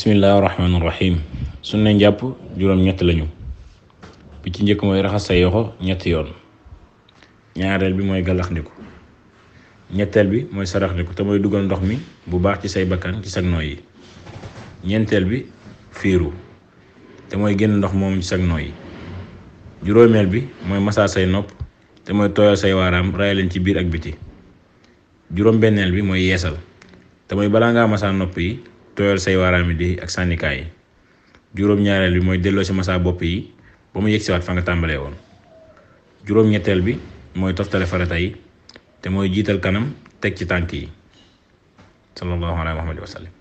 bismillahirrahmanirrahim rahman rahim suñ ñett lañu bi ci ñeek moy raxasa yoxo ñett yoon ñaarel bi moy galaxndiku ñettel bi moy saraxndiku te moy dugal ndox mi bu baax ci say bakkan ci sak noy ñentel bi firu te moy genn ndox mom ci sak noy yi bi moy massa say nop te moy tooyal say waram ray leen ci biir ak biti bi moy yeesal te moy yi tooyal say waaraami di ak sànnikaay yi juróom-ñaareel bi mooy delloo si massa bopp yi ba mu yegsiwaat fa nga tàmbalee woon juróom-ñetteel bi mooy toftale farata yi te mooy jiital kanam teg ci tànk yi sallallahu alayhi wa sallam